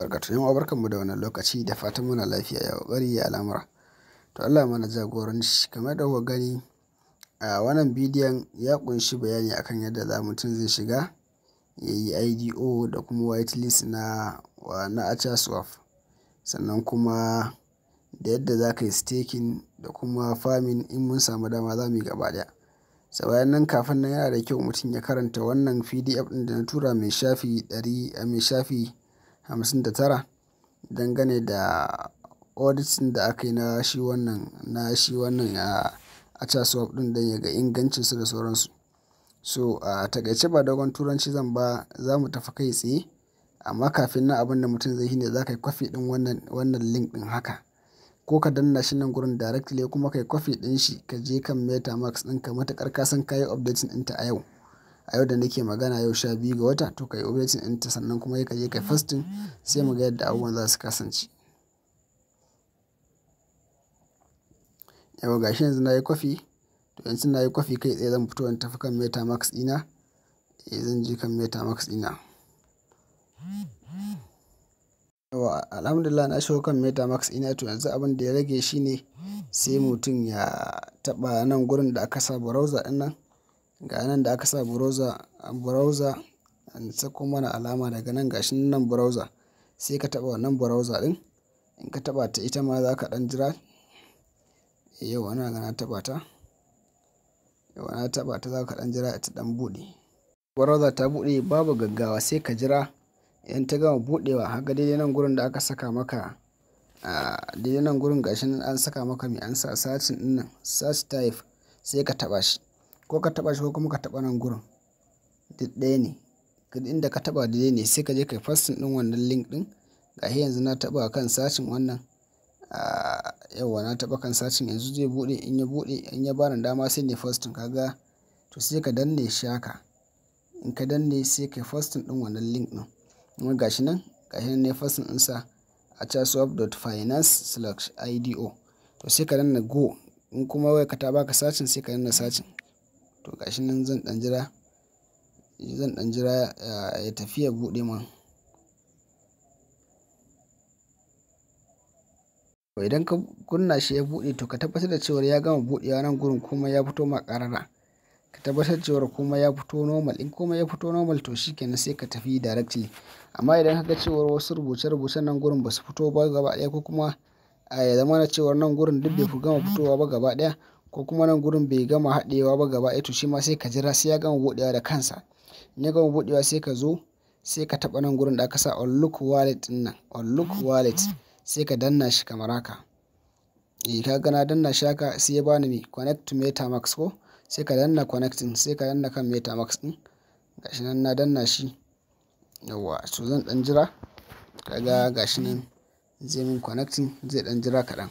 Barkatu yan mu da wannan lokaci da fatan muna lafiya ya kokari ya al'amura. To Allah mana jagoranci kamar da kuka gani a wannan bidiyon ya kunshi bayani akan yadda za mutum zai shiga ya yi IDO da kuma whitelist na na Uniswap sannan kuma da yadda za ka yi staking da kuma famin in mun samu dama za mu yi gaba ɗaya. Sabayan nan kafin nan yana da kyau mutum ya karanta wannan PDF ɗin da na tura mai shafi ɗari a mai shafi 59 dangane da auditin da aka yi na shi wannan na shi wannan a caswap ɗin dan ya ga su da sauransu so a takaice ba dogon turanci zan ba za mu tafi kai tsaye amma kafin na abin da mutum zai yi ne za ka yi kwafi din wannan link din haka ko ka danna shi nan gurin directly kuma ka yi kwafi din shi ka je kan metamax ɗin ka matuƙar ka san ka yi updating ɗinta a yau a yau da nake magana yau sha biyu ga wata to kai obetin ɗinta sannan kuma ka je kai fastin sai mu ga yadda abubuwan za su kasance. Yau gashi yanzu na yi kwafi to yanzu na yi kwafi kai tsaye zan fito in tafi kan meta max ɗina eh zan je kan meta max ɗina. Yawa alhamdulillah na shigo kan meta max ina to yanzu abin da ya rage shine sai mutum ya taɓa nan gurin da aka sa browser ɗin nan. Ga nan da aka sa browser, browser an sako mana alama daga nan ga shi nan browser. Sai ka taba wannan browser din In ka taba ta ita ma za ka dan jira. yau ina ga na taɓa ta. yau na taba ta za ka dan jira ta dan bude Browser ta bude babu gaggawa sai ka jira. Idan ta gama buɗewa, kaga daidai nan gurin da aka saka maka, a daidai nan gurin ga nan an saka maka mai an sa search din nan search type sai ka taba shi. ko ka taɓa shi ko kuma ka taɓa nan gurin duk ɗaya ne inda ka taɓa daidai ne sai ka je kai fastin ɗin wannan link ɗin gashi yanzu na taɓa kan sashin wannan ah, yawa na taɓa kan sashin yanzu zai buɗe in ya buɗe in ya bani dama sai ne fastin kaga to sai ka danne shi haka in ka danne sai kai fastin ɗin wannan link ɗin kuma gashi nan gashi nan ne fastin sa a chaswap.finance/ido to sai ka danna go in kuma wai ka ta baka sashin sai ka danna sashin to gashi nan zan ɗan jira zan dan jira eh, ya tafi ya buɗe man to idan ka kunna shi ya buɗe to ka tabbatar da cewar ya gama buɗewa nan gurin kuma ya fito ma ƙarara ka tabbatar cewar kuma ya fito normal in kuma ya fito normal to shikenan sai ka tafi directly amma idan ka ga cewar wasu rubuce-rubucen nan gurin ba su fito ba gaba ɗaya ko kuma eh, ya zama na cewar nan gurin duk bai gama fitowa ba gaba ɗaya ko kuma nan gurin bai gama haɗewa ba gaba ɗaya to shi ma sai ka jira sai ya gama buɗewa da kansa in ya gama buɗewa sai ka zo sai ka taɓa nan gurin da aka sa on look wallet ɗin nan on look wallet sai ka danna shi kamar haka eh ka ga na danna shi haka sai ya bani me connect to metamax ko sai ka danna connecting sai ka danna kan metamax din gashi nan na danna shi yawa to zan dan jira kaga gashi nan zai min connecting zai dan jira kaɗan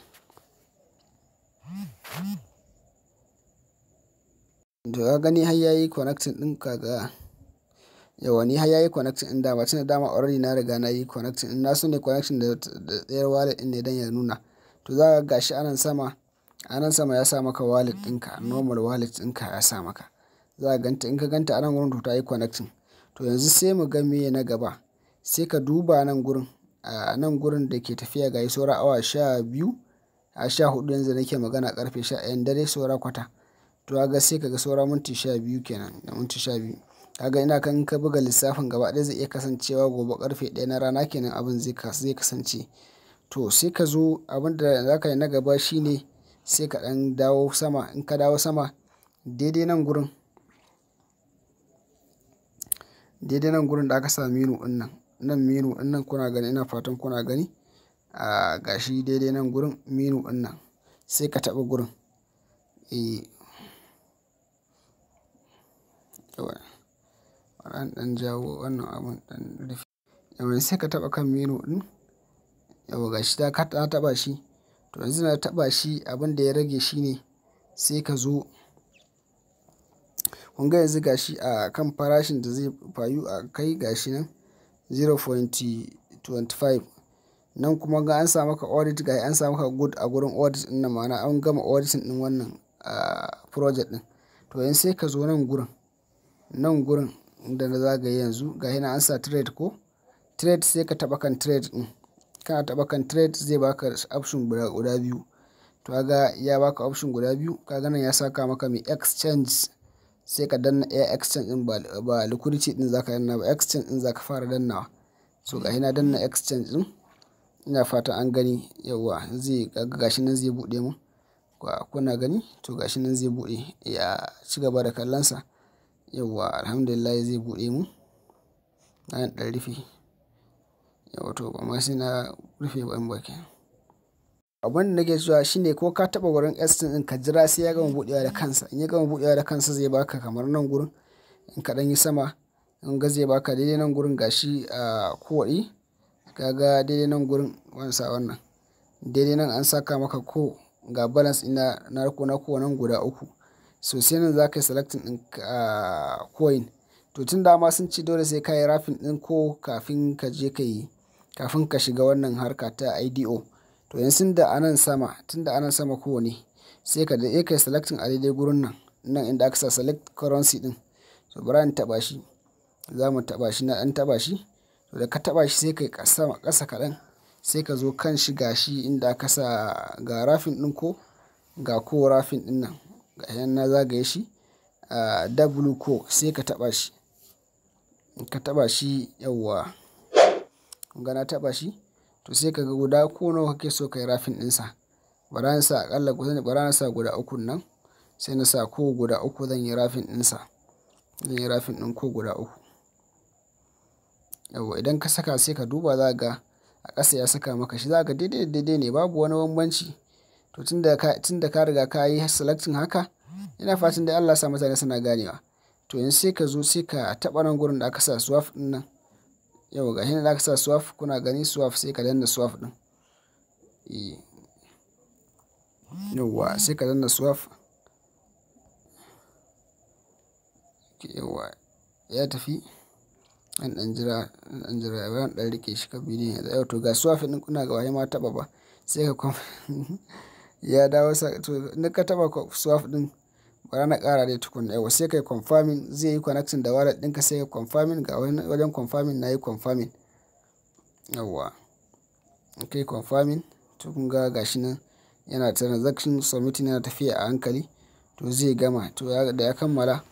To ka gani har yayi connecting din kaga. Yauwa ni har yayi connecting ɗin dama tunda dama already na riga na yi connecting din Na so ne connection da tsayar wallet din ne don ya nuna. To za ka gashi anan sama, anan sama ya sa maka wallet ɗinka normal wallet ɗinka ya sa maka. Za ka ganta in ka ganta anan wurin to ta yi connecting. To yanzu sai mu ga meye na gaba. Sai ka duba nan gurin, a nan gurin da ke tafiya ga yi saura awa sha biyu, a sha hudu yanzu nake magana karfe sha ɗayan dare saura kwata. to ga sai kaga saura minti sha biyu kenan da minti sha biyu kaga ina kan ka buga lissafin gaba ɗaya zai iya kasancewa gobe karfe ɗaya na rana kenan abin zai kasance to sai ka zo abin da za ka yi na gaba shine sai ka ɗan dawo sama in ka dawo sama daidai nan gurin daidai nan gurin da aka sa minu ɗin nan nan minu ɗin nan kuna gani ina fatan kuna gani a gashi daidai nan gurin minu ɗin nan sai ka taɓa gurin eh Yauwa. An dan jawo wannan abun dan rufe. Yauwa sai ka taɓa kan miro din Yauwa gashi na taɓa shi. To yanzu na taɓa shi abin da ya rage shine sai ka zo. Kun ga yanzu gashi a kan farashin da zai fayu a kai gashi nan 0.25 Nan kuma ga an sa maka audit ga an sa maka good a gurin audit din nan ma'ana an gama auditing din wannan ah, project din To yanzu sai ka zo nan gurin. nan gurin da na zagaye yanzu ga hina an sa trade ko trade sai ka taba kan trade din ka taba kan trade zai baka option guda guda biyu to kaga ya baka option guda biyu kaga nan ya saka maka mai exchange sai ka danna air exchange din ba liquidity din zaka danna ba exchange din zaka fara dannawa so ga hina danna exchange din ina fata an gani yawa zai gashi nan zai bude mu kuna gani to gashi nan zai bude ya ci gaba da kallansa sa yawwa alhamdulillah zai buɗe mu na ɗan rufe yawwa to ba ma sai na rufe ba in ba ke abin da nake zuwa shine ko ka taɓa gurin estin in ka jira sai ya gama buɗewa da kansa in ya gama buɗewa da kansa zai baka kamar nan gurin in ka yi sama in ga zai baka daidai nan gurin gashi a kowaɗi kaga daidai nan gurin wansa wannan daidai nan an saka maka ko ga balance ina na ko na kowa nan guda uku so sai nan za ka yi selecting ɗin ah, coin to tun dama sun ce dole sai ka yi rafin ɗin ko kafin ka je ka yi kafin ka shiga wannan harka ta ido to yanzu da anan sama tun da anan sama ne sai ka da ka yi selecting a daidai gurin nan nan inda aka sa select currency ɗin so bari in taɓa shi za mu taɓa shi na ɗan taɓa shi to da ka taba shi sai ka yi ƙasa kaɗan sai ka zo kan shi gashi inda aka sa ga rafin ɗin ko ga ko rafin ɗin nan ga nan na zagaye shi a w ko sai ka taba shi ka taba shi yawwa ga na taba shi to sai ka ga guda ko nawa kake so kai rafin ɗinsa bara na sa akalla bara na sa guda uku nan sai na sa ko guda uku zan yi rafin ɗinsa zan yi rafin din ko guda uku yawwa idan ka saka sai ka duba za ga a ƙasa ya saka maka shi za ka daidai daidai ne babu wani bambanci to tun da ka riga ka yi selecting haka ina fatan da Allah sa mutane suna ganewa to yanzu sai ka zo sai ka taba nan gurin da aka sa swap ɗin nan yau ga hin da aka sa swap kuna gani swap sai ka danna swap ɗin eh. yauwa sai ka danna swap yauwa ya tafi an dan jira an jira dan rike shi ka bidiyo yau to ga swap din kuna ga wai ma taba ba sai ka kuma ya dawo to ni ka taba swap din bara na kara dai tukun yawa sai kai confirming zai yi connecting da wallet ka sai kai confirming ga wajen confirming na yi confirming yawa kai confirming to kun ga gashi nan yana transaction submitting yana tafiya a hankali to zai gama to da ya kammala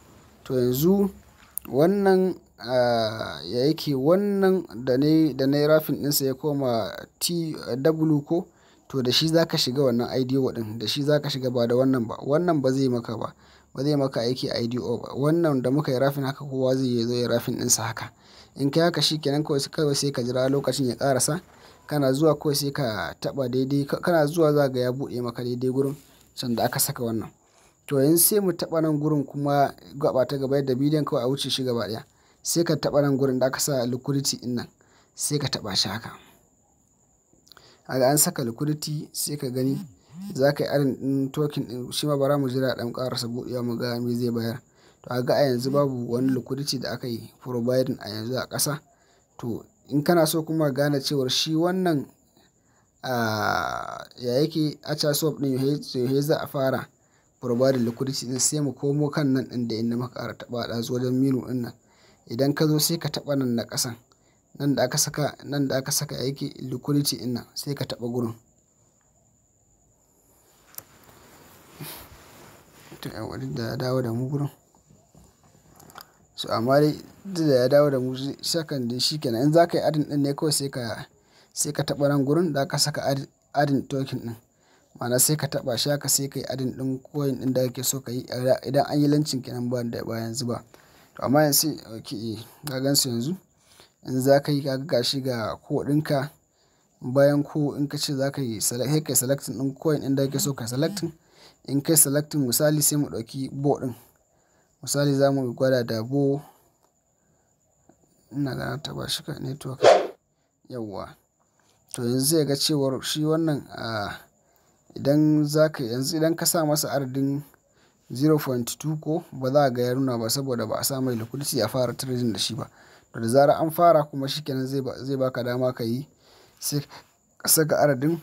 to yanzu wannan ah, ya yake wannan da na yi rafin ɗinsa ya koma tw ko to da shi za shiga wannan IDO din da shi za shiga ba da wannan ba wannan ba zai maka ba ba zai maka aiki a IDO ba wannan da muka yi rafin haka kowa zai zo ya rafin ɗinsa haka in kai haka shi kenan kawai sai ka jira lokacin ya karasa kana zuwa kawai sai ka taba daidai kana zuwa za ga ya buɗe maka daidai gurin sanda aka saka wannan to yanzu sai mu taba nan gurin kuma gaba ta gaba da bidiyon kawai a wuce shi gaba ɗaya sai ka taba nan gurin da aka sa liquidity ɗin nan sai ka taba shi haka aga an saka liquidity sai ka gani za ka yi arin ɗin token ɗin shi ma bara mu jira ɗan ƙarasa buɗewa mu ga me zai bayar to a ga a yanzu babu wani liquidity da aka yi providing a yanzu a ƙasa to in kana so kuma gane cewar shi wannan ya yake a swap ɗin yohe za a fara providing liquidity ɗin sai mu komo kan nan ɗin da inda maka ƙara taɓa ɗazu wajen minu ɗin nan idan ka zo sai ka taɓa nan na ƙasan nan da aka saka nan da aka saka yake liquidity ina sai ka taɓa gurin to da ya dawo da mu gurin so amma dai da ya dawo da mu sakan din shi kenan in zaka yi adin ɗin ne kawai sai ka sai ka taɓa nan gurin da aka saka adin token ɗin ma'ana sai ka taɓa shi aka sai ka yi adin ɗin coin ɗin da kake so ka yi idan an yi lancin kenan ba da bayan yanzu ba to amma yanzu ok ka gan su yanzu in za ka yi ka ga gashi ga ko ɗinka bayan ko in ka ce za ka yi sai kai selectin ɗin coin inda da so ka selectin in kai selectin misali sai mu ɗauki bo ɗin misali za mu gwada da bo ina gana ta ba shi ka network yawwa to yanzu zai ga cewar shi wannan a idan za ka yanzu idan ka sa masa ardin 0.2 ko ba za ga ya nuna ba saboda ba a sa mai liquidity a fara trading da shi ba da zarar an fara kuma shikenan zai baka dama ka yi sai ka saka aradin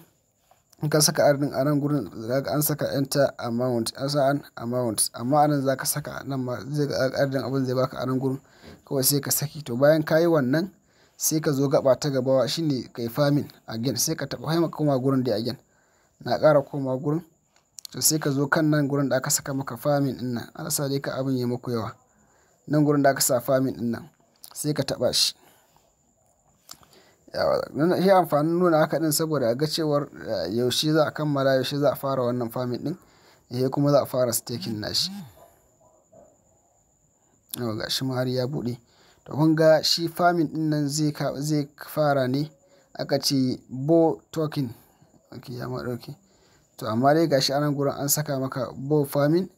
in ka saka aradin a nan gurin za ka an saka enter amount an sa an amount amma anan za ka saka nan ma zai ga aradin abin zai baka a nan gurin kawai sai ka saki to bayan kayi wannan sai ka zo gaba ta gaba shine kai famin again sai ka taba haima koma gurin da again na ƙara koma gurin to sai ka zo kan nan gurin da aka saka maka famin din nan an sa dai ka abin ya muku yawa nan gurin da aka sa famin din nan sai ka taɓa shi shi amfanin nuna haka din saboda a ga cewar eh, yaushe za a kammala yaushe za a fara wannan famin din ya eh, kuma za a fara staking nashi yau ga shi mahari ya buɗe to kun ga shi famin din nan zai fara ne aka ce bo token ok ya ma to amma dai ga shi anan gurin an saka maka bo famin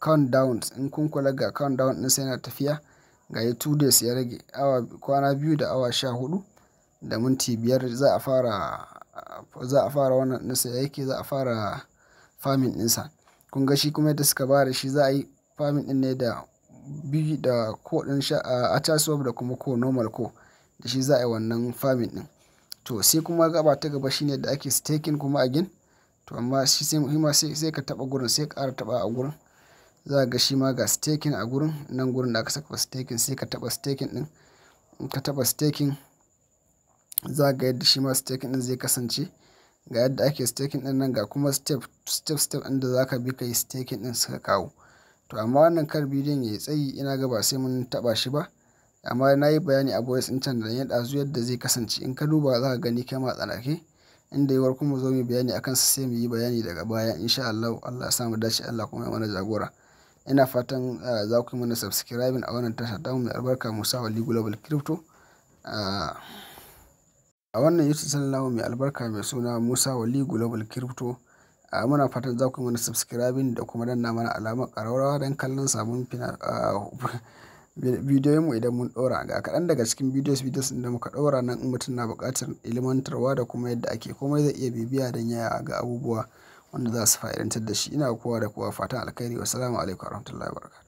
countdown in kun kula ga countdown din sai na tafiya gayi two days ya rage awa kwana biyu da awa sha hudu da minti biyar za a fara, za a fara wannan za a fara farming ɗinsa. Kun ga shi kuma yadda suka ba da shi za a yi famin ɗin ne da bi da ko ɗin sha da kuma ko normal ko da shi za a yi wannan famin ɗin. To sai kuma gaba ta gaba shine da ake staking kuma again to amma shi sai, muhimma sai ka taɓa gurin sai ka ƙara taɓa a gurin. za ga shi ma ga staking a gurin nan gurin da aka saka staking sai ka taba staking din in ka taba staking za ga yadda shi ma staking din zai kasance ga yadda ake staking din nan ga kuma step step step din da zaka bi ka staking din suka kawo to amma wannan kar bidiyon yayi tsayi ina ga ba sai mun taba shi ba amma nayi bayani a voice din can da ya dazu yadda zai kasance in ka duba za ka gani kai ma tsanake inda yawar kuma zo mu bayani akan sai mu yi bayani daga baya insha Allah Allah ya samu dace Allah kuma ya mana jagora ina fatan eh, za ku yi mana subscribing a wannan tasha ta mai albarka musa wali global crypto eh, a wannan youtube channel namu mai albarka mai suna musa wali global crypto a eh, muna fatan za ku yi mana subscribing da kuma danna mana alamar ƙararrawa don kallon sabon bidiyon mu idan mun ɗora ga kaɗan daga cikin bidiyos bidiyos da muka ɗora nan in mutum na buƙatar ilimantarwa da kuma yadda ake komai zai iya bibiya don yaya ga abubuwa wanda za su fa'idantar da shi ina kowa da kowa fatan alkhairi wasu alaikum warahmatullahi wabarakatuh